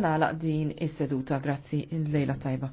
Nalaq din is-seduta, grazzi, lejla tajba.